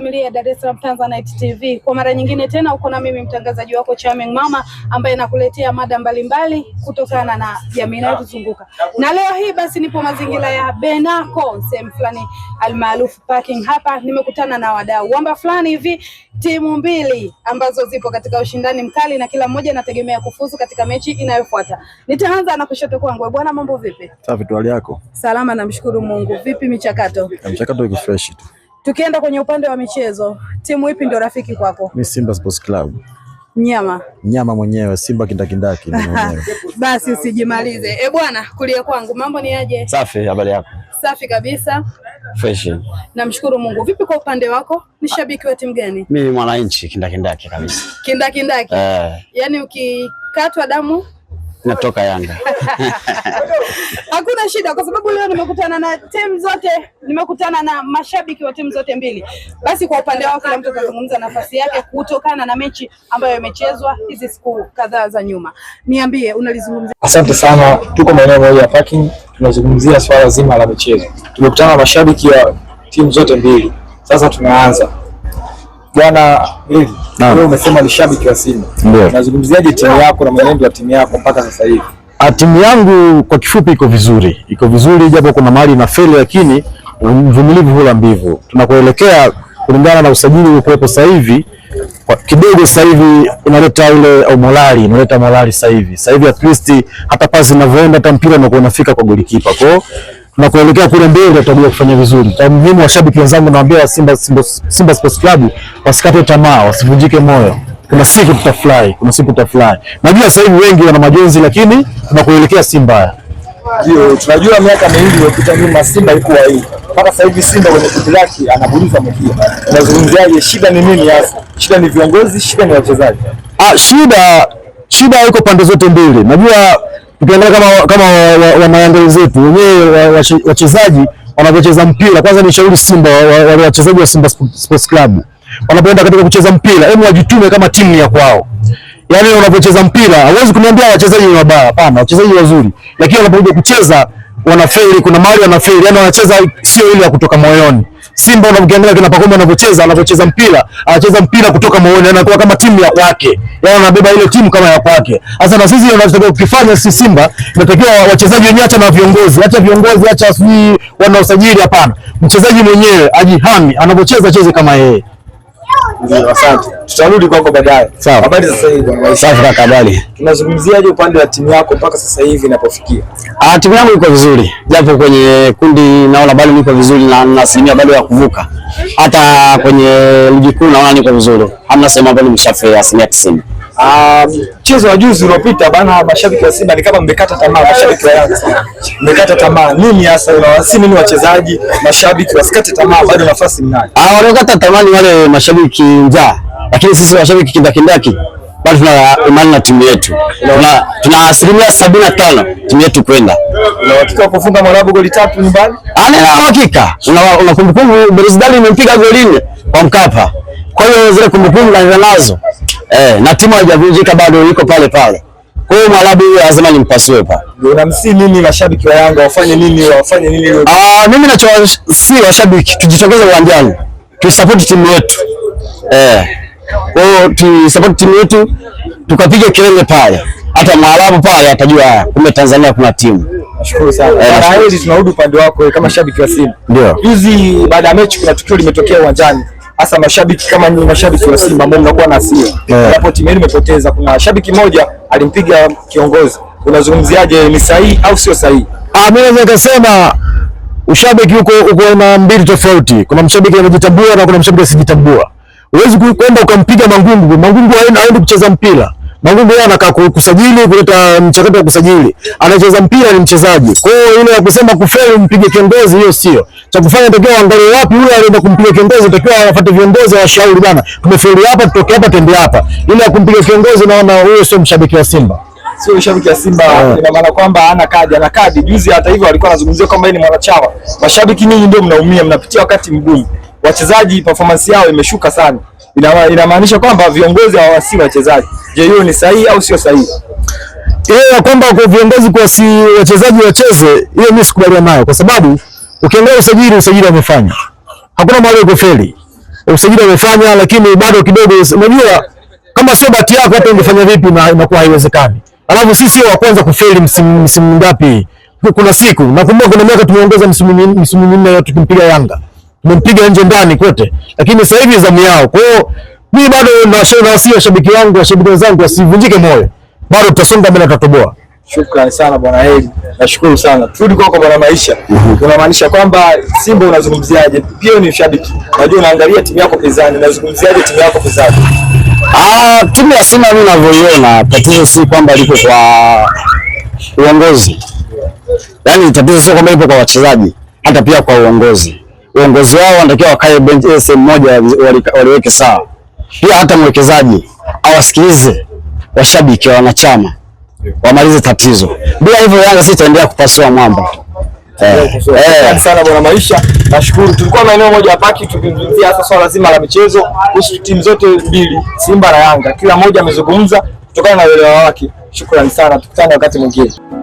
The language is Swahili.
Familia ya Dar es Salaam Tanzanite TV kwa mara nyingine tena uko na mimi mtangazaji wako Charming Mama ambaye nakuletea mada mbalimbali kutokana na jamii inayotuzunguka. Na leo hii basi nipo mazingira ya Benako, sehemu fulani almaarufu parking. Hapa nimekutana na wadau wamba fulani hivi, timu mbili ambazo zipo katika ushindani mkali na kila mmoja anategemea kufuzu katika mechi inayofuata. Nitaanza na kushoto kwangu. Bwana, mambo vipi? Safi tu, hali yako? Salama, namshukuru Mungu. Vipi michakato? Michakato iko fresh tu. Tukienda kwenye upande wa michezo, timu ipi ndio rafiki kwako? ni Simba Sports Club. Mnyama mnyama mwenyewe Simba kindakindaki mwenyewe. Basi usijimalize. E bwana, kulia kwangu mambo ni aje? Safi, habari yako? Safi kabisa. Fresh. Namshukuru Mungu. Vipi kwa upande wako? Ni shabiki wa timu gani? Mimi mwananchi kindakindaki kabisa. Kindakindaki. Eh. Yaani ukikatwa damu natoka Yanga hakuna shida, kwa sababu leo nimekutana na timu zote, nimekutana na mashabiki wa timu zote mbili. Basi kwa upande wao, kila mtu atazungumza nafasi yake kutokana na mechi ambayo imechezwa hizi siku kadhaa za nyuma. Niambie, unalizungumzia? Asante sana. Tuko maeneo moja ya parking, tunazungumzia swala zima la michezo. Tumekutana na mashabiki wa timu zote mbili, sasa tunaanza jana hili wewe umesema ni shabiki wa Simba. Nazungumziaje timu yako na mwenendo wa timu yako mpaka sasa hivi? Ah, timu yangu kwa kifupi iko vizuri, iko vizuri japo kuna mahali na feli, lakini mvumilivu hula mbivu. Tunakoelekea kulingana na usajili uliokuwepo sasa hivi kidogo sasa hivi unaleta ule au morali, unaleta morali sasa hivi. Sasa hivi at least hata pasi zinavyoenda hata mpira unakuwa unafika kwa golikipa kwao na kuelekea kule mbele tutajua kufanya vizuri. Kwa mimi washabiki wenzangu, naambia wa Simba, Simba, Simba Sports Club wasikate tamaa, wasivunjike moyo. Kuna siku tutafly, kuna siku tutafly. Najua sasa hivi wengi wana majonzi, lakini tunakuelekea Simba. Ndio, tunajua miaka mingi iliyopita nyuma Simba ilikuwa hii. Mpaka sasa hivi Simba kwenye kundi lake anaburuza mkia. Unazungumziaje? Shida ni nini hasa? Shida ni viongozi, shida ni wachezaji? Ah, shida shida iko pande zote mbili. Najua tukiangalia kama kama wanayanga wenzetu wenyewe wachezaji wanavyocheza mpira, kwanza ni shauri Simba wale wachezaji wa Simba Sports Club wanapoenda katika kucheza mpira, hebu wajitume kama timu ya kwao. Yaani wanapocheza mpira hawezi kuniambia wachezaji ni wabaya, hapana, wachezaji wazuri, lakini wanapokuja kucheza wanafeli, kuna mahali wanafeli, yani wanacheza sio ile ya kutoka moyoni. Simba unamkiangalia kina Pacome anavyocheza, anavyocheza mpira, anacheza mpira kutoka moyoni, anakuwa kama timu ya kwake. Yaani anabeba ile timu kama ya kwake. Sasa na sisi tunatakiwa kufanya sisi Simba, tunatakiwa wachezaji wenyewe acha na viongozi, acha viongozi, acha sisi wanaosajili hapana. Mchezaji mwenyewe ajihami, anavyocheza cheze kama yeye. Ndio, asante. Tutarudi kwako baadaye. Sawa. Habari sasa hivi bwana. Safi kaka, habari. Tunazungumziaje upande wa timu yako mpaka sasa hivi inapofikia? Ah, timu yangu iko vizuri. Japo kwenye kundi naona bado niko vizuri na na asilimia bado ya kuvuka. Hata kwenye ligi kuu naona niko vizuri. Hamna sema bado nimeshafia asilimia 90. Ah, mchezo um, wa juzi uliopita bana, mashabiki wa Simba ni kama mmekata tamaa, mashabiki wa Yanga mmekata tamaa. Nini hasa unawasi nini wachezaji, mashabiki wasikate tamaa, bado nafasi mnayo. Ah, wanaokata tamaa ni wale mashabiki njaa, lakini sisi mashabiki kindakindaki bado tuna imani na timu yetu, tuna asilimia sabini na tano timu yetu kwenda. Una uhakika wa kufunga Mwarabu goli tatu nyumbani? Ana ah, nina uhakika. Una kumbukumbu, Belouizdad imempiga goli nne kwa Mkapa. Kwa hiyo zile kumbukumbu kaenda nazo eh, na timu haijavunjika bado, iko pale pale. Kwa hiyo Mwarabu huyo lazima nimpasue pale. Unamsi nini mashabiki wa Yanga wafanye nini, wafanye nini? Ah, mimi nachowasi washabiki tujitokeze uwanjani tuisapoti timu yetu eh, kwa hiyo tuisapoti timu yetu tukapiga kelele pale, hata Mwarabu pale atajua ah, kumbe Tanzania kuna timu. Nashukuru sana. Eh, na Tunarudi upande wako kama shabiki wa Simba. Ndio. Hizi baada ya mechi kuna tukio limetokea uwanjani hasa mashabiki kama ni mashabiki wa Simba ambao mnakuwa na hasira yeah. Hapo timu yenu imepoteza, kuna shabiki mmoja alimpiga kiongozi, unazungumziaje? Ni sahihi au sio sahihi? Ah, mimi naweza kusema ushabiki uko uko na mbili tofauti. Kuna mshabiki anajitambua na kuna mshabiki asijitambua. Huwezi kwenda ukampiga Mangungu. Mangungu haendi kucheza mpira Magugu yeye anataka kusajili kuleta mchakato wa kusajili. Anacheza mpira ni mchezaji. Kwa hiyo ile ya kusema kufeli mpige kiongozi hiyo sio. Cha kufanya takiwa angalie wapi yule alienda kumpiga kiongozi, takiwa afuate viongozi wa shauri bana. Tumefeli hapa, tutoke hapa tembe hapa. Ile ya kumpiga kiongozi naona huyo sio mshabiki wa Simba. Sio mshabiki wa Simba yeah. Ina maana kwamba hana kadi, ana kadi. Juzi hata hivyo alikuwa anazungumzia kwamba yeye ni mwanachama. Mashabiki ninyi ndio mnaumia, mnapitia wakati mgumu. Wachezaji performance yao imeshuka sana inamaanisha kwamba viongozi hawawasii wachezaji. Je, hiyo ni sahihi au sio sahihi? Ile ya kwamba kwa viongozi kwa si wachezaji wacheze, hiyo mimi sikubaliana nayo, kwa sababu ukiangalia usajili, usajili wamefanya, hakuna mahali uko feli, usajili wamefanya, lakini bado kidogo, unajua kama sio bahati yako, hata ungefanya vipi, na inakuwa haiwezekani. Alafu sisi wa kwanza kufeli msimu msimu ngapi? Kuna siku nakumbuka, kuna miaka tumeongeza msimu msimu minne tukimpiga Yanga mmempiga nje ndani kote, lakini sasa hivi zamu yao. Kwa hiyo mimi bado nawasihi washabiki wangu, washabiki wenzangu wasivunjike moyo, bado tutasonga mbele, tutatoboa. Shukrani sana bwana Heri, nashukuru sana. Turudi kwako bwana Maisha, mhm. unamaanisha kwamba Simba unazungumziaje? Pia ni shabiki, najua unaangalia timu yako pezani, unazungumziaje timu yako pezani? Ah, timu ya Simba mimi ninavyoiona, tatizo si kwamba liko kwa uongozi, yaani tatizo sio kwamba lipo kwa wachezaji, hata pia kwa uongozi uongozi wao wanatakiwa wakae benchi eh, sehemu moja, waliweke sawa. Pia hata mwekezaji awasikilize washabiki wa wanachama, wamalize tatizo. Bila hivyo, Yanga si itaendelea kupasua mwamba. eh. eh. sana bwana Maisha, nashukuru. Tulikuwa na eneo moja ya tukizungumzia hasa swala zima la michezo kuhusu timu zote mbili, Simba na Yanga, kila moja amezungumza kutokana na uelewa wake. Shukrani sana, tukutane wakati mwingine.